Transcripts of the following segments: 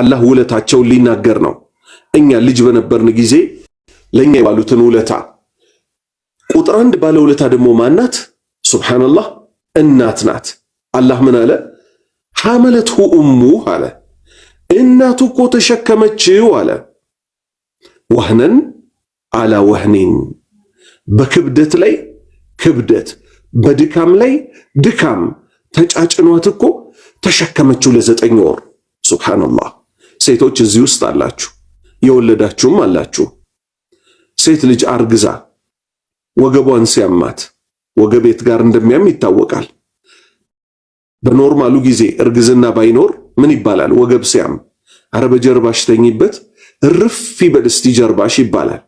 አላህ ውለታቸውን ሊናገር ነው። እኛ ልጅ በነበርን ጊዜ ለእኛ የባሉትን ውለታ ቁጥር አንድ ባለ ውለታ ደግሞ ማናት? ሱብሓነላህ እናት ናት። አላህ ምን አለ? ሐመለትሁ እሙህ አለ እናቱ እኮ ተሸከመችው አለ ወህነን አላ ወህኒን በክብደት ላይ ክብደት በድካም ላይ ድካም ተጫጭኗት እኮ ተሸከመችው ለዘጠኝ ወር ሱብሓነላህ ሴቶች እዚህ ውስጥ አላችሁ፣ የወለዳችሁም አላችሁ። ሴት ልጅ አርግዛ ወገቧን ሲያማት ወገቤት ጋር እንደሚያም ይታወቃል። በኖርማሉ ጊዜ እርግዝና ባይኖር ምን ይባላል? ወገብ ሲያም አረ በጀርባሽ ተኝበት ርፍ ይበል ጀርባሽ ይባላል።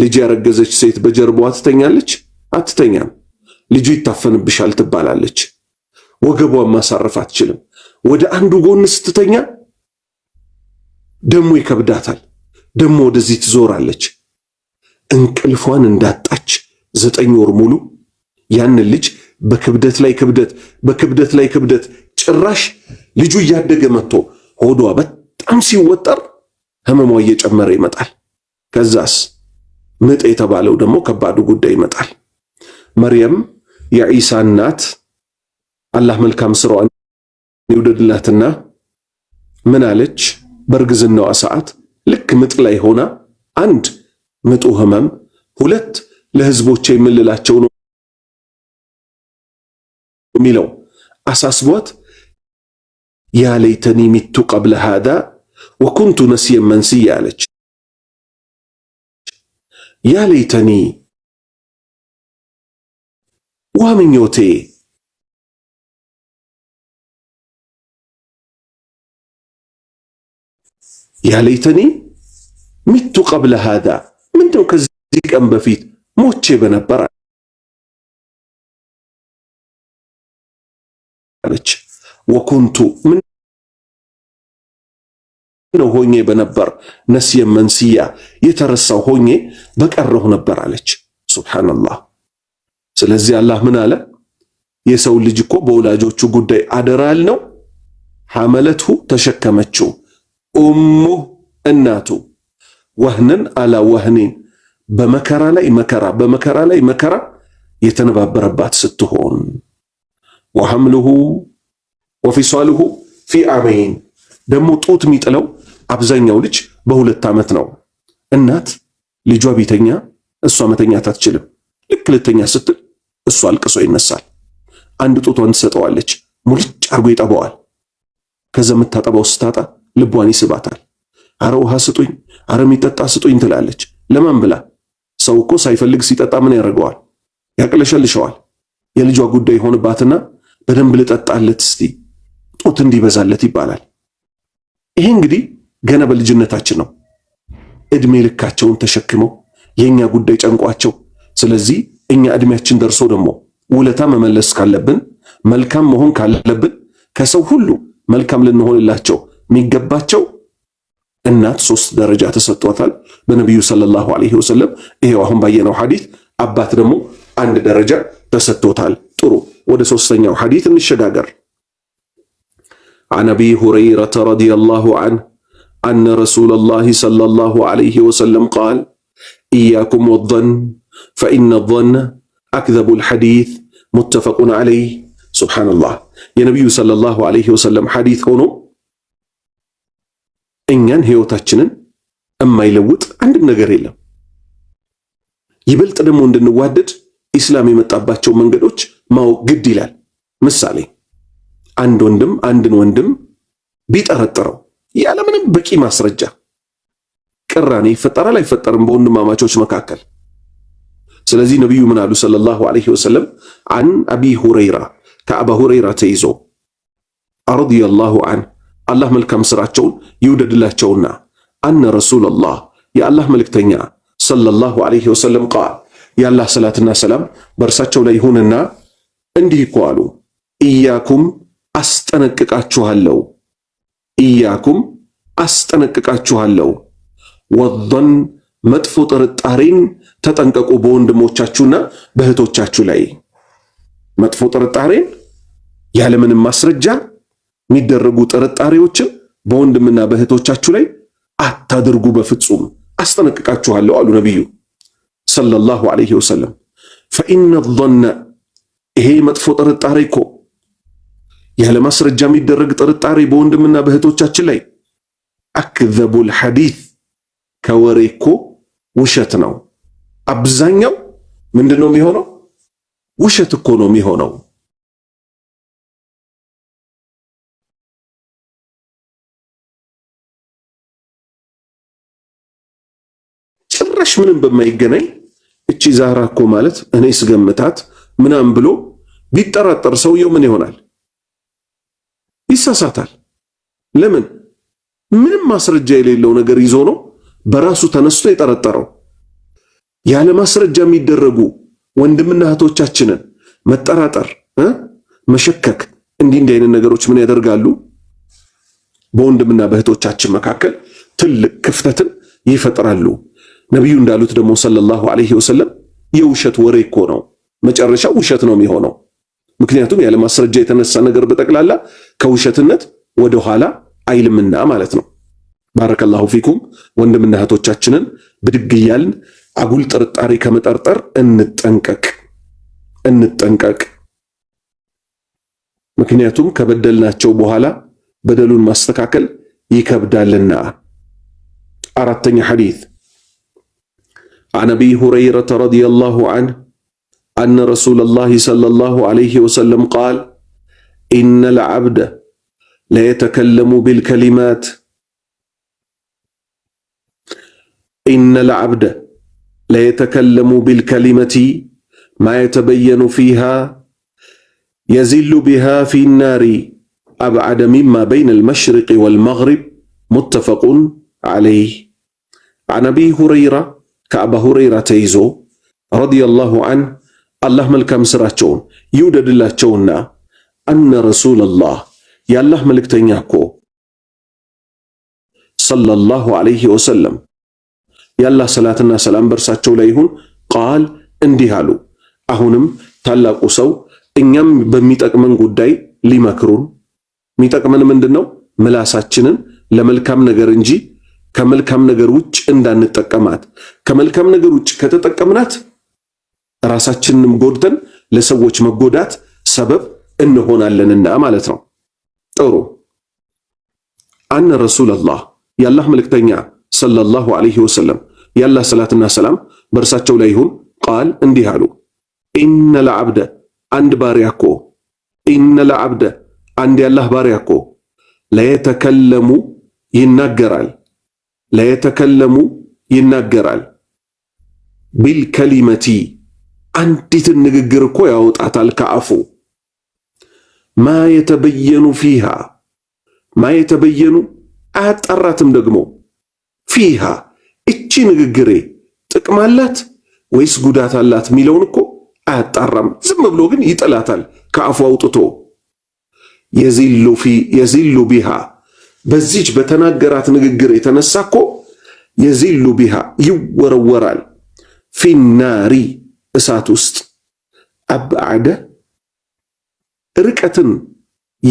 ልጅ ያረገዘች ሴት በጀርባዋ ትተኛለች? አትተኛም። ልጁ ይታፈንብሻል ትባላለች። ወገቧን ማሳረፍ አትችልም። ወደ አንዱ ጎን ስትተኛ ደሞ ይከብዳታል። ደሞ ወደዚህ ትዞራለች። እንቅልፏን እንዳጣች ዘጠኝ ወር ሙሉ ያንን ልጅ በክብደት ላይ ክብደት፣ በክብደት ላይ ክብደት፣ ጭራሽ ልጁ እያደገ መጥቶ ሆዷ በጣም ሲወጠር ህመሟ እየጨመረ ይመጣል። ከዛስ ምጥ የተባለው ደግሞ ከባዱ ጉዳይ ይመጣል። መርየም የዒሳ እናት አላህ መልካም ስራዋን ይውደድላትና ምን አለች? በእርግዝናዋ ሰዓት ልክ ምጥ ላይ ሆና አንድ ምጡ ህመም፣ ሁለት ለህዝቦች የምልላቸው ነው የሚለው አሳስቧት ያ ለይተኒ ሚቱ ቀብለ ሃዳ ወኩንቱ ነስየን መንስያ አለች። ያ ለይተኒ ዋ ምኞቴ ያለይተኒ ሚቱ ቀብለ ሃዳ ምንድነው ከዚህ ቀን በፊት ሞቼ በነበር አለች። ወኩንቱ ምነው ሆኜ በነበር ነስየ መንስያ የተረሳው ሆኜ በቀረሁ ነበር አለች። ሱብሓነላህ። ስለዚህ አላህ ምን አለ? የሰው ልጅ እኮ በወላጆቹ ጉዳይ አደራ ያልነው ሐመለትሁ ተሸከመችው ኡሙ እናቱ ወህነን አላ ወህኔን በመከራ ላይ መከራ በመከራ ላይ መከራ የተነባበረባት ስትሆን ወሐምልሁ ወፊሳልሁ ፊ አመይን ደግሞ ጡት የሚጥለው አብዛኛው ልጅ በሁለት ዓመት ነው። እናት ልጇ ቢተኛ እሷ መተኛት አትችልም። ልክ ልተኛ ስትል እሷ አልቅሶ ይነሳል። አንድ ጡቷን ትሰጠዋለች፣ ሙልጭ አርጎ ይጠባዋል። ከዛ የምታጠባው ስታጣ ልቧን ይስባታል። አረ ውሃ ስጡኝ፣ አረ የሚጠጣ ስጡኝ ትላለች። ለማን ብላ? ሰው እኮ ሳይፈልግ ሲጠጣ ምን ያደርገዋል? ያቅለሸልሸዋል። የልጇ ጉዳይ ሆንባትና በደንብ ልጠጣለት እስቲ ጡት እንዲበዛለት ይባላል። ይሄ እንግዲህ ገና በልጅነታችን ነው። እድሜ ልካቸውን ተሸክመው የእኛ ጉዳይ ጨንቋቸው፣ ስለዚህ እኛ እድሜያችን ደርሶ ደግሞ ውለታ መመለስ ካለብን መልካም መሆን ካለብን ከሰው ሁሉ መልካም ልንሆንላቸው የሚገባቸው እናት ሶስት ደረጃ ተሰጥቷታል በነቢዩ ሰለላሁ ዐለይሂ ወሰለም። ይሄው አሁን ባየነው ሐዲት አባት ደግሞ አንድ ደረጃ ተሰጥቶታል። ጥሩ፣ ወደ ሶስተኛው ሐዲት እንሸጋገር። አን አቢ هريرة رضي الله አነ ረሱለላሂ ሰለላሁ الله ወሰለም ቃል عليه وسلم قال إياكم والظن فإن الظن أكذب الحديث የነቢዩ ሰለላሁ ዐለይሂ ወሰለም ሐዲት ሆኖ እኛን ህይወታችንን የማይለውጥ አንድም ነገር የለም። ይበልጥ ደግሞ እንድንዋደድ ኢስላም የመጣባቸው መንገዶች ማወቅ ግድ ይላል። ምሳሌ አንድ ወንድም አንድን ወንድም ቢጠረጥረው ያለምንም በቂ ማስረጃ ቅራኔ ይፈጠራል አይፈጠርም? በወንድማማቾች መካከል። ስለዚህ ነቢዩ ምን አሉ ሰለላሁ ዐለይሂ ወሰለም? አን አቢ ሁረይራ ከአባ ሁረይራ ተይዞ ረዲየላሁ ዐንሁ አላህ መልካም ሥራቸውን ይውደድላቸውና አነ ረሱለላህ የአላህ መልእክተኛ ሰለላሁ ዐለይሂ ወሰለም ቃል የአላህ ሰላትና ሰላም በእርሳቸው ላይ ይሁንና እንዲህ እኮ አሉ። ኢያኩም አስጠነቅቃችኋለሁ፣ ኢያኩም አስጠነቅቃችኋለሁ፣ ወዘን መጥፎ ጥርጣሬን ተጠንቀቁ፣ በወንድሞቻችሁና በእህቶቻችሁ ላይ መጥፎ ጥርጣሬን ያለምንም ማስረጃ የሚደረጉ ጥርጣሬዎችን በወንድምና በእህቶቻችሁ ላይ አታድርጉ፣ በፍጹም አስጠነቅቃችኋለሁ አሉ ነቢዩ ሰለላሁ ዐለይሂ ወሰለም። ፈኢነ ዞነ ይሄ መጥፎ ጥርጣሬ እኮ ያለ ማስረጃ የሚደረግ ጥርጣሬ በወንድምና በእህቶቻችን ላይ አክዘቡል ሐዲት ከወሬ እኮ ውሸት ነው። አብዛኛው ምንድን ነው የሚሆነው? ውሸት እኮ ነው የሚሆነው። ምንም በማይገናኝ እቺ ዛራ እኮ ማለት እኔ ስገምታት ምናምን ብሎ ቢጠራጠር ሰውየው ምን ይሆናል? ይሳሳታል። ለምን? ምንም ማስረጃ የሌለው ነገር ይዞ ነው በራሱ ተነስቶ የጠረጠረው። ያለ ማስረጃ የሚደረጉ ወንድምና እህቶቻችንን መጠራጠር፣ መሸከክ እንዲህ እንዲህ አይነት ነገሮች ምን ያደርጋሉ? በወንድምና በእህቶቻችን መካከል ትልቅ ክፍተትን ይፈጥራሉ። ነቢዩ እንዳሉት ደግሞ ሰለላሁ ዐለይሂ ወሰለም የውሸት ወሬ እኮ ነው፣ መጨረሻው ውሸት ነው የሚሆነው። ምክንያቱም ያለ ማስረጃ የተነሳ ነገር በጠቅላላ ከውሸትነት ወደኋላ አይልምና ማለት ነው። ባረከላሁ ፊኩም ወንድምና እህቶቻችንን ብድግ እያልን አጉል ጥርጣሬ ከመጠርጠር እንጠንቀቅ እንጠንቀቅ። ምክንያቱም ከበደልናቸው በኋላ በደሉን ማስተካከል ይከብዳልና። አራተኛ ሐዲስ عن ابي هريره رضي الله عنه ان رسول الله صلى الله عليه وسلم قال ان العبد لا يتكلم بالكلمات ان العبد لا يتكلم بالكلمه ما يتبين فيها يزل بها في النار ابعد مما بين المشرق والمغرب متفق عليه عن ابي هريره ከአባ ሁረይራ ተይዞ ረዲየላሁ አን አላህ መልካም ስራቸውን ይውደድላቸውና አነ ረሱለላህ የአላህ መልእክተኛ እኮ ሰለላሁ ዐለይሂ ወሰለም የአላህ ሰላትና ሰላም በእርሳቸው ላይ ይሁን ቃል እንዲህ አሉ። አሁንም ታላቁ ሰው እኛም በሚጠቅመን ጉዳይ ሊመክሩን። የሚጠቅመን ምንድን ነው? ምላሳችንን ለመልካም ነገር እንጂ ከመልካም ነገር ውጭ እንዳንጠቀማት። ከመልካም ነገር ውጭ ከተጠቀምናት ራሳችንንም ጎድተን ለሰዎች መጎዳት ሰበብ እንሆናለንና ማለት ነው። ጥሩ አነ ረሱለላህ የአላህ መልእክተኛ ሰለላሁ ዐለይሂ ወሰለም ያላህ ሰላትና ሰላም በእርሳቸው ላይ ይሁን ቃል እንዲህ አሉ። ኢነ ዐብደ አንድ ባሪያ እኮ ኢነ ዐብደ አንድ ያላህ ባሪያ እኮ ለየተከለሙ ይናገራል ለየተከለሙ ይናገራል ቢልከሊመቲ አንዲትን ንግግር እኮ ያወጣታል ከአፉ ማ የተበየኑ ፊሃ ማ የተበየኑ አያጣራትም ደግሞ ፊሃ እቺ ንግግሬ ጥቅም አላት ወይስ ጉዳት አላት የሚለውን እኮ አያጣራም። ዝም ብሎ ግን ይጥላታል ከአፉ አውጥቶ የዚሉ ቢሃ በዚች በተናገራት ንግግር የተነሳ እኮ የዚሉ ቢሃ ይወረወራል፣ ፊናሪ እሳት ውስጥ አብዓደ ርቀትን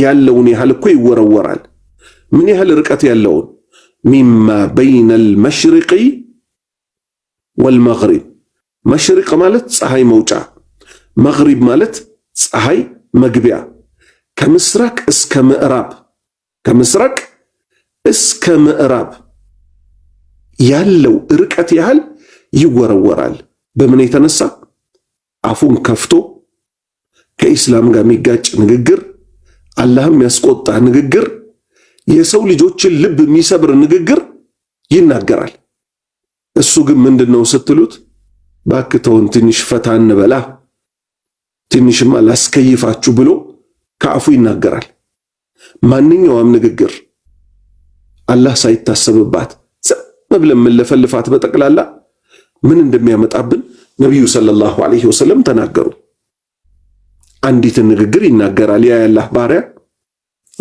ያለውን ያህል እኮ ይወረወራል። ምን ያህል ርቀት ያለውን ሚማ በይነ አልመሽሪቂ ወልመግሪብ። መሽሪቅ ማለት ፀሐይ መውጫ፣ መግሪብ ማለት ፀሐይ መግቢያ። ከምስራቅ እስከ ምዕራብ ከምስራቅ እስከ ምዕራብ ያለው ርቀት ያህል ይወረወራል። በምን የተነሳ አፉን ከፍቶ ከኢስላም ጋር የሚጋጭ ንግግር፣ አላህም ያስቆጣ ንግግር፣ የሰው ልጆችን ልብ የሚሰብር ንግግር ይናገራል። እሱ ግን ምንድነው ስትሉት ባክተውን ትንሽ ፈታ እንበላ ትንሽማ ላስከይፋችሁ ብሎ ከአፉ ይናገራል። ማንኛውም ንግግር አላህ ሳይታሰብባት ዝም ብለን የምንለፈልፋት በጠቅላላ ምን እንደሚያመጣብን ነቢዩ ሰለላሁ ዐለይሂ ወሰለም ተናገሩ። አንዲትን ንግግር ይናገራል። ያ ያላህ ባሪያ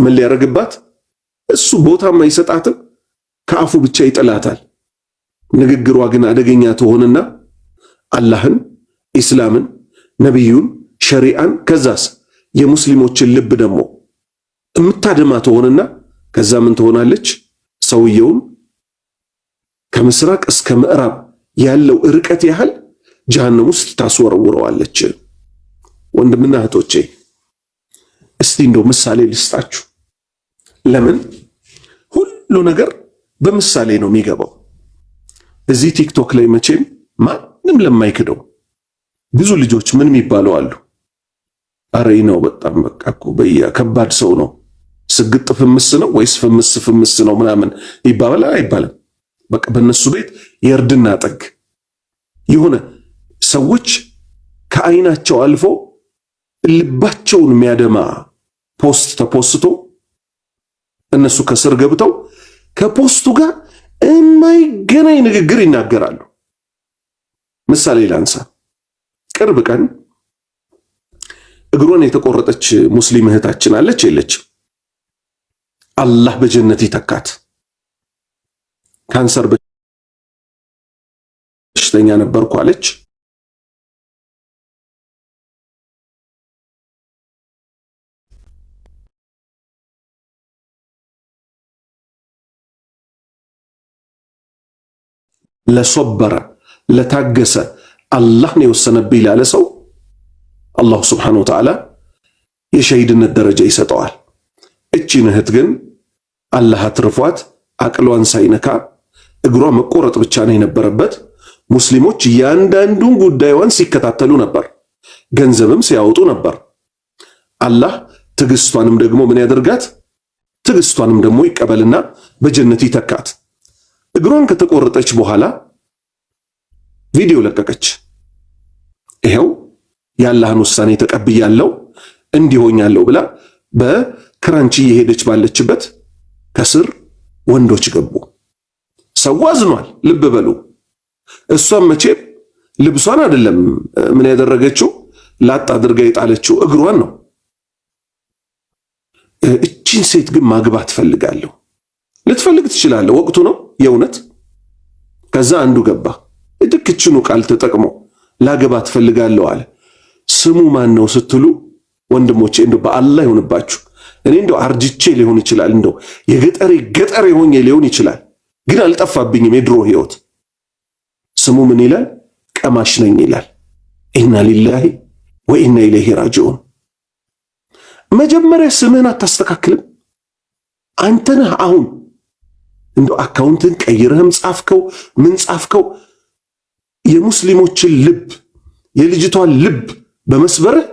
ምን ሊያደርግባት? እሱ ቦታም አይሰጣትም፣ ከአፉ ብቻ ይጥላታል። ንግግሯ ግን አደገኛ ትሆንና አላህን፣ ኢስላምን፣ ነቢዩን፣ ሸሪዓን ከዛስ የሙስሊሞችን ልብ ደግሞ የምታደማ ትሆንና ከዛ ምን ትሆናለች? ሰውየውም ከምስራቅ እስከ ምዕራብ ያለው ርቀት ያህል ጀሃነም ውስጥ ታስወረውረዋለች። ወንድምና እህቶቼ እስቲ እንደው ምሳሌ ልስጣችሁ። ለምን ሁሉ ነገር በምሳሌ ነው የሚገባው? እዚህ ቲክቶክ ላይ መቼም ማንም ለማይክደው ብዙ ልጆች ምን የሚባለው አሉ፣ አረ ነው በጣም በቃ እኮ በያ ከባድ ሰው ነው ስግጥ ፍምስ ነው ወይስ ፍምስ ፍምስ ነው ምናምን ይባባል አይባልም። በቃ በእነሱ ቤት የእርድና ጥግ የሆነ ሰዎች ከአይናቸው አልፎ ልባቸውን የሚያደማ ፖስት ተፖስቶ እነሱ ከስር ገብተው ከፖስቱ ጋር የማይገናኝ ንግግር ይናገራሉ። ምሳሌ ላንሳ። ቅርብ ቀን እግሯን የተቆረጠች ሙስሊም እህታችን አለች የለችም? አላህ በጀነት ይተካት። ካንሰር በሽተኛ ነበርኩ አለች። ለሶበረ ለታገሰ አላህ ነው የወሰነብኝ ላለ ሰው አላሁ ስብሓነሁ ወተዓላ የሸሂድነት ደረጃ ይሰጠዋል። እቺን እህት ግን አላህ አትርፏት። አቅሏን ሳይነካ እግሯ መቆረጥ ብቻ ነው የነበረበት። ሙስሊሞች እያንዳንዱን ጉዳይዋን ሲከታተሉ ነበር፣ ገንዘብም ሲያወጡ ነበር። አላህ ትዕግስቷንም ደግሞ ምን ያደርጋት? ትዕግስቷንም ደግሞ ይቀበልና በጀነት ይተካት። እግሯን ከተቆረጠች በኋላ ቪዲዮ ለቀቀች። ይሄው የአላህን ውሳኔ ተቀብያለሁ እንዲሆኛለሁ ብላ በ ክረንች እየሄደች ባለችበት ከስር ወንዶች ገቡ። ሰው አዝኗል። ልብ በሉ። እሷም መቼም ልብሷን አይደለም ምን ያደረገችው ላጥ አድርጋ የጣለችው እግሯን ነው። እቺን ሴት ግን ማግባት ፈልጋለሁ። ልትፈልግ ትችላለህ፣ ወቅቱ ነው የእውነት። ከዛ አንዱ ገባ። እድክችኑ ቃል ተጠቅሞ ላገባ ትፈልጋለሁ አለ። ስሙ ማን ነው ስትሉ ወንድሞቼ እንደው በአላህ ይሆንባችሁ እኔ እንደው አርጅቼ ሊሆን ይችላል፣ እንደው የገጠሬ ገጠሬ ሆኜ ሊሆን ይችላል፣ ግን አልጠፋብኝም የድሮ ህይወት። ስሙ ምን ይላል? ቀማሽ ነኝ ይላል። ኢና ሊላሂ ወኢና ኢለይሂ ራጂዑን። መጀመሪያ ስምህን አታስተካክልም? አንተ ነህ አሁን እንደው አካውንትን ቀይረህም ጻፍከው ምን ጻፍከው የሙስሊሞችን ልብ የልጅቷን ልብ በመስበርህ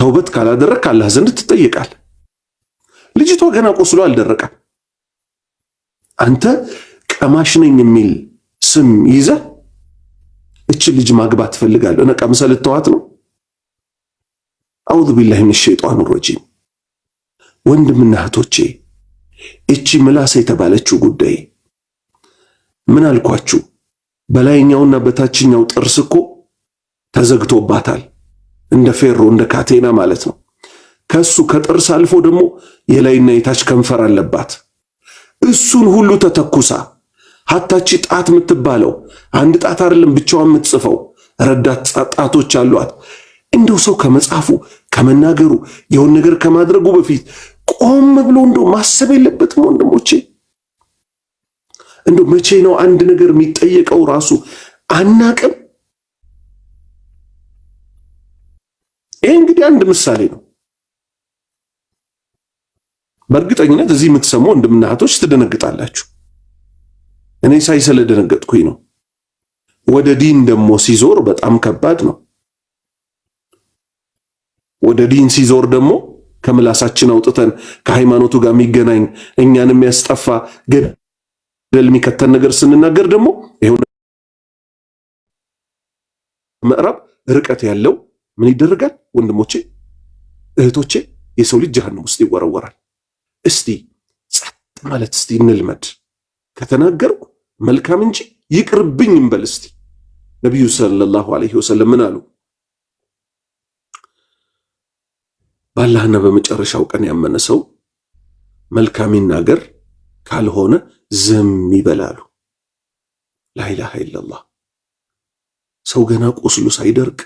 ተውበት ካላደረግ ካላህ ዘንድ ትጠይቃል። ልጅቷ ገና ቆስሎ አልደረቀም። አንተ ቀማሽ ነኝ የሚል ስም ይዘ እችን ልጅ ማግባት ትፈልጋለሁ እና ቀምሰ ልተዋት ነው? አውዙ ቢላሂ ሚነ ሸይጧን ረጂም። ወንድምና እህቶቼ እቺ ምላሰ የተባለችው ጉዳይ ምን አልኳችሁ? በላይኛውና በታችኛው ጥርስ እኮ ተዘግቶባታል። እንደ ፌሮ እንደ ካቴና ማለት ነው። ከሱ ከጥርስ አልፎ ደግሞ የላይና የታች ከንፈር አለባት። እሱን ሁሉ ተተኩሳ ሀታቺ ጣት የምትባለው አንድ ጣት አይደለም ብቻዋን የምትጽፈው ረዳት ጣቶች አሏት። እንደው ሰው ከመጻፉ ከመናገሩ የሆን ነገር ከማድረጉ በፊት ቆም ብሎ እንደው ማሰብ የለበትም ወንድሞቼ? እንደው መቼ ነው አንድ ነገር የሚጠየቀው ራሱ አናቅም። ይህ እንግዲህ አንድ ምሳሌ ነው። በእርግጠኝነት እዚህ የምትሰሙ ወንድምና እህቶች ትደነግጣላችሁ። እኔ ሳይ ስለደነገጥኩኝ ነው። ወደ ዲን ደግሞ ሲዞር በጣም ከባድ ነው። ወደ ዲን ሲዞር ደግሞ ከምላሳችን አውጥተን ከሃይማኖቱ ጋር የሚገናኝ እኛን የሚያስጠፋ ገደል የሚከተን ነገር ስንናገር ደግሞ ይሁን ምዕራብ ርቀት ያለው ምን ይደረጋል? ወንድሞቼ እህቶቼ፣ የሰው ልጅ ጀሃነም ውስጥ ይወረወራል። እስቲ ጸጥ ማለት እስቲ እንልመድ። ከተናገርኩ መልካም እንጂ ይቅርብኝ እንበል እስቲ። ነቢዩ ሰለላሁ ዐለይሂ ወሰለም ምን አሉ? በአላህና በመጨረሻው ቀን ያመነ ሰው መልካም ይናገር፣ ካልሆነ ዝም ይበላሉ። ላኢላሃ ኢለላህ። ሰው ገና ቁስሉ ሳይደርቅ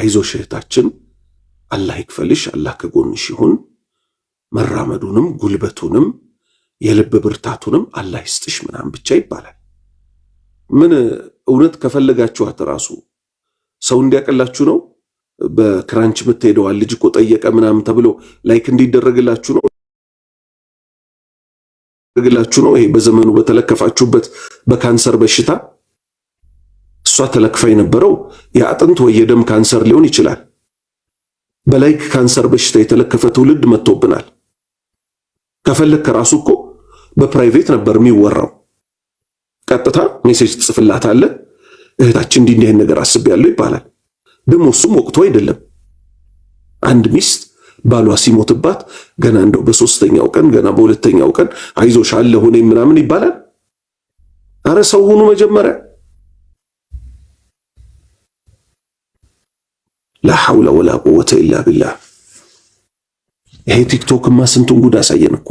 አይዞሽ እህታችን፣ አላህ ይክፈልሽ፣ አላህ ከጎንሽ ይሁን መራመዱንም ጉልበቱንም የልብ ብርታቱንም አላህ ይስጥሽ ምናምን ብቻ ይባላል። ምን እውነት ከፈለጋችኋት ራሱ ሰው እንዲያቀላችሁ ነው። በክራንች የምትሄደዋል ልጅ እኮ ጠየቀ ምናምን ተብሎ ላይክ እንዲደረግላችሁ ነው ግላችሁ ነው። ይሄ በዘመኑ በተለከፋችሁበት በካንሰር በሽታ እሷ ተለክፋ የነበረው የአጥንት ወይ የደም ካንሰር ሊሆን ይችላል። በላይክ ካንሰር በሽታ የተለከፈ ትውልድ መጥቶብናል። ከፈለክ ከራሱ እኮ በፕራይቬት ነበር የሚወራው። ቀጥታ ሜሴጅ ትጽፍላታለህ። እህታችን እንዲህ እንዲህ ነገር አስቤያለሁ ይባላል። ደግሞ እሱም ወቅቱ አይደለም። አንድ ሚስት ባሏ ሲሞትባት ገና እንደው በሶስተኛው ቀን ገና በሁለተኛው ቀን አይዞሽ አለ ሆነ ምናምን ይባላል። አረ ሰው ሁኑ መጀመሪያ። ላ ሐውለ ወላ ቁወተ ኢላ ቢላህ ይሄ ቲክቶክማ ስንቱን ጉድ አሳየን እኮ።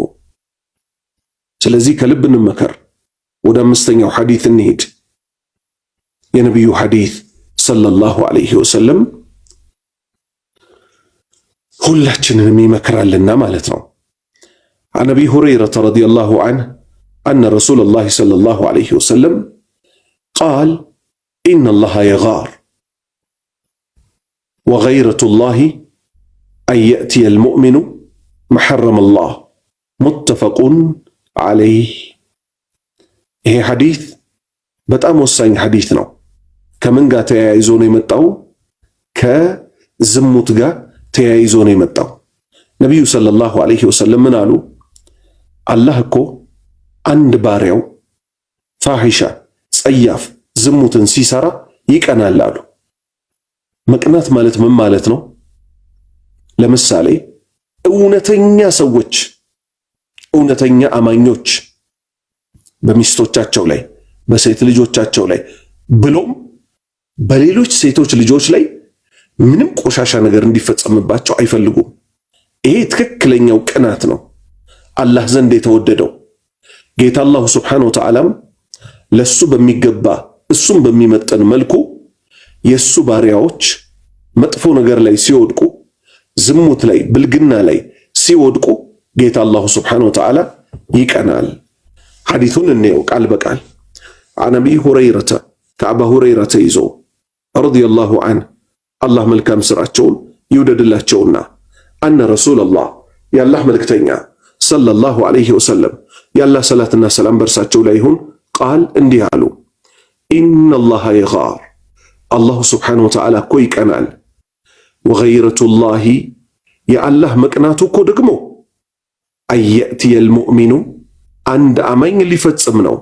ስለዚህ ከልብ እንመከር። ወደ አምስተኛው ሐዲት እንሄድ። የነቢዩ ሐዲት ሰለላሁ ዐለይሂ ወሰለም ሁላችንንም ይመክራልና ማለት ነው። አን አቢ ሁረይረተ ረዲየላሁ ዐንሁ አነ ረሱለላሂ ሰለላሁ ዐለይሂ ወሰለም ቃል ኢነላሃ የጋር ወገይረቱላሂ አንየእትየል ሙእሚኑ መሐረመላህ ሙተፈቁን ዓለይህ። ይሄ ሐዲት በጣም ወሳኝ ሐዲት ነው። ከምን ጋር ተያይዞ ነው የመጣው? ከዝሙት ጋር ተያይዞ ነው የመጣው። ነቢዩ ሰለላሁ ዐለይሂ ወሰለም ምን አሉ? አላህ እኮ አንድ ባሪያው ፋሒሻ፣ ጸያፍ ዝሙትን ሲሰራ ይቀናል አሉ። መቅናት ማለት ምን ማለት ነው? ለምሳሌ እውነተኛ ሰዎች እውነተኛ አማኞች በሚስቶቻቸው ላይ በሴት ልጆቻቸው ላይ ብሎም በሌሎች ሴቶች ልጆች ላይ ምንም ቆሻሻ ነገር እንዲፈጸምባቸው አይፈልጉም። ይሄ ትክክለኛው ቅናት ነው፣ አላህ ዘንድ የተወደደው። ጌታ አላሁ ስብሓነ ወተዓላም ለሱ በሚገባ እሱም በሚመጠን መልኩ የእሱ ባሪያዎች መጥፎ ነገር ላይ ሲወድቁ ዝሙት ላይ ብልግና ላይ ሲወድቁ ጌታ አላሁ ስብሓነሁ ወተዓላ ይቀናል። ሐዲቱን እንየው ቃል በቃል አን አቢ ሁረይረተ ከአባ ሁረይራ ይዞ ረዲየላሁ አን አላህ መልካም ስራቸውን ይውደድላቸውና አነ ረሱለላህ የአላህ መልክተኛ ሰለላሁ ዐለይሂ ወሰለም የአላህ ሰላትና ሰላም በእርሳቸው ላይ ይሁን ቃል እንዲህ አሉ ኢነላሃ የጋር አላሁ ስብሓነሁ ወተዓላ እኮ ይቀናል ወገይረቱላሂ የአላህ መቅናቱ እኮ ደግሞ አየእትየል ሙእሚኑ አንድ አማኝ ሊፈጽም ነው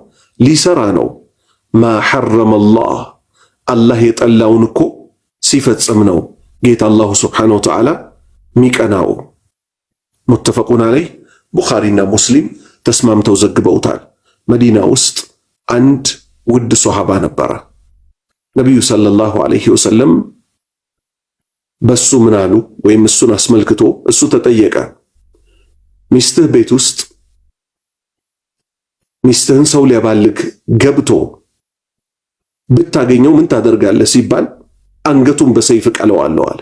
ሊሰራ ነው። ማ ሐረመላህ አላህ የጠላውን እኮ ሲፈጽም ነው ጌታ አላሁ ስብሓነሁ ወተዓላ ሚቀናው። ሙተፈቁን አለይህ ቡኻሪና ሙስሊም ተስማምተው ዘግበውታል። መዲና ውስጥ አንድ ውድ ሶሃባ ነበረ ነቢዩ ሰለላሁ ዐለይሂ ወሰለም በሱ ምን አሉ ወይም እሱን አስመልክቶ እሱ ተጠየቀ። ሚስትህ ቤት ውስጥ ሚስትህን ሰው ሊያባልግ ገብቶ ብታገኘው ምን ታደርጋለህ ሲባል አንገቱን በሰይፍ እቀለዋለሁ አለ።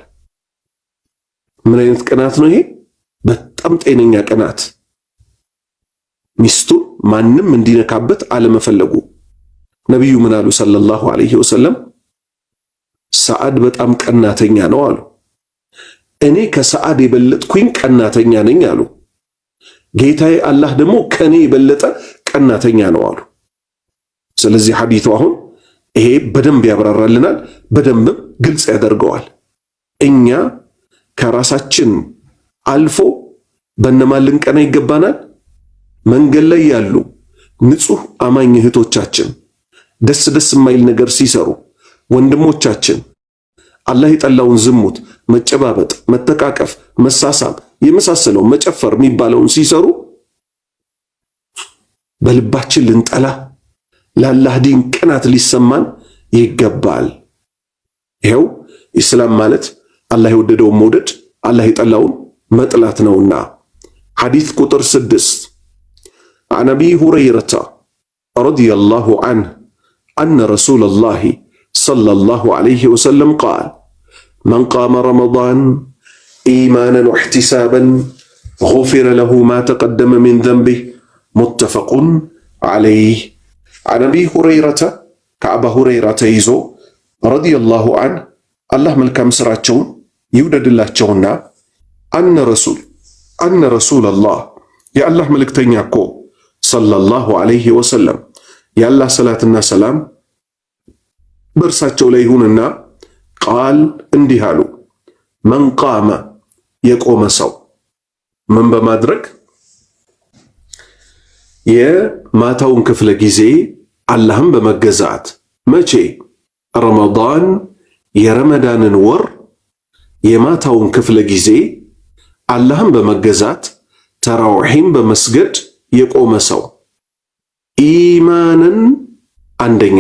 ምን አይነት ቅናት ነው ይሄ? በጣም ጤነኛ ቅናት። ሚስቱን ማንም እንዲነካበት አለመፈለጉ። ነቢዩ ምን አሉ ሰለላሁ ዐለይሂ ወሰለም ሰዓድ በጣም ቀናተኛ ነው አሉ። እኔ ከሰዓድ የበለጥኩኝ ቀናተኛ ነኝ አሉ። ጌታዬ አላህ ደግሞ ከእኔ የበለጠ ቀናተኛ ነው አሉ። ስለዚህ ሐዲቱ አሁን ይሄ በደንብ ያብራራልናል፣ በደንብም ግልጽ ያደርገዋል። እኛ ከራሳችን አልፎ በእነማን ልንቀና ይገባናል? መንገድ ላይ ያሉ ንጹህ አማኝ እህቶቻችን ደስ ደስ የማይል ነገር ሲሰሩ ወንድሞቻችን አላህ የጠላውን ዝሙት፣ መጨባበጥ፣ መተቃቀፍ፣ መሳሳም የመሳሰለው መጨፈር የሚባለውን ሲሰሩ በልባችን ልንጠላ ለአላህ ዲን ቅናት ሊሰማን ይገባል። ይኸው ኢስላም ማለት አላህ የወደደውን መውደድ አላህ የጠላውን መጥላት ነውና። ሐዲስ ቁጥር ስድስት አን አቢ ሁረይረታ ረዲየላሁ አንህ አነ ረሱለላሂ صلى الله عليه وسلم قال من قام رمضان ايمانا واحتسابا غفر له ما تقدم من ذنبه متفق عليه عن ابي هريره كعب هريره ايزو رضي الله عنه اللهم ملكم سراتشون يودد الله تشونا أن رسول أن رسول الله يا الله ملك تنياكو صلى الله عليه وسلم يا الله صلاة الناس سلام በእርሳቸው ላይ ይሁንና ቃል እንዲህ አሉ። መን ቃመ የቆመ ሰው ምን በማድረግ የማታውን ክፍለ ጊዜ አላህም በመገዛት መቼ ረመዳን የረመዳንን ወር የማታውን ክፍለ ጊዜ አላህም በመገዛት ተራውሒም በመስገድ የቆመ ሰው ኢማንን አንደኛ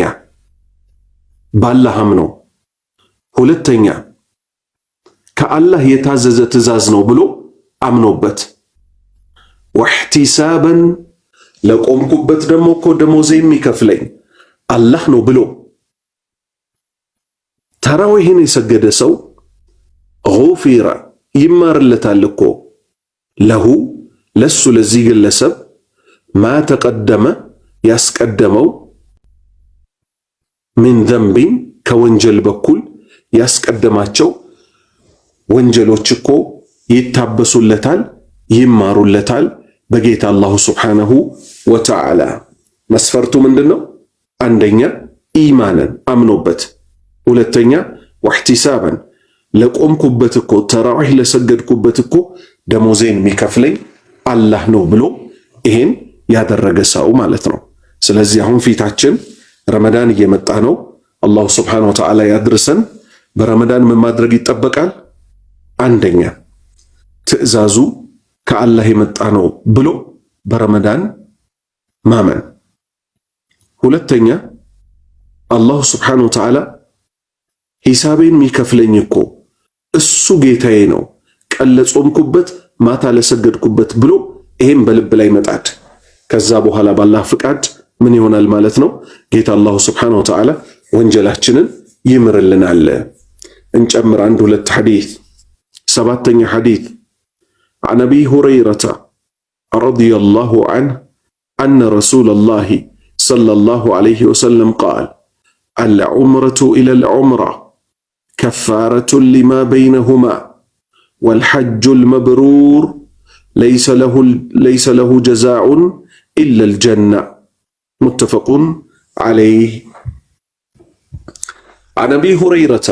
ባላህም ነው። ሁለተኛ ከአላህ የታዘዘ ትእዛዝ ነው ብሎ አምኖበት ወሕቲሳበን ለቆምኩበት ደግሞ እኮ ደሞዜ የሚከፍለኝ አላህ ነው ብሎ ተራዊህን የሰገደ ሰው ጉፊራ ይማርለታል እኮ ለሁ ለሱ ለዚህ ግለሰብ ማ ተቀደመ ያስቀደመው ሚን ዘንቢን ከወንጀል በኩል ያስቀደማቸው ወንጀሎች እኮ ይታበሱለታል፣ ይማሩለታል በጌታ አላሁ ስብሓነሁ ወተዓላ። መስፈርቱ ምንድን ነው? አንደኛ ኢማንን አምኖበት፣ ሁለተኛ ወሕቲሳበን ለቆምኩበት እኮ ተራዊሕ ለሰገድኩበት እኮ ደሞዜን የሚከፍለኝ አላህ ነው ብሎ ይሄን ያደረገ ሰው ማለት ነው። ስለዚህ አሁን ፊታችን ረመዳን እየመጣ ነው። አላሁ ስብሐነሁ ወተዓላ ያድርሰን። በረመዳን ምን ማድረግ ይጠበቃል? አንደኛ ትዕዛዙ ከአላህ የመጣ ነው ብሎ በረመዳን ማመን፣ ሁለተኛ አላሁ ስብሐነሁ ወተዓላ ሂሳቤን የሚከፍለኝ እኮ እሱ ጌታዬ ነው ቀን ለጾምኩበት ማታ ለሰገድኩበት ብሎ ይሄም በልብ ላይ መጣድ ከዛ በኋላ ባላህ ፍቃድ من ምን ይሆናል ማለት ነው? ጌታ አላሁ ስብሐነሁ يمر لنا ይምርልናል። እንጨምር አንድ ሁለት ሐዲት። سباتني حديث عن أبي هريرة رضي الله عنه أن رسول الله صلى الله عليه وسلم قال العمرة إلى العمرة كفارة لما بينهما والحج المبرور ليس له, ليس له جزاء إلا الجنة متفق عليه عن ابي هريره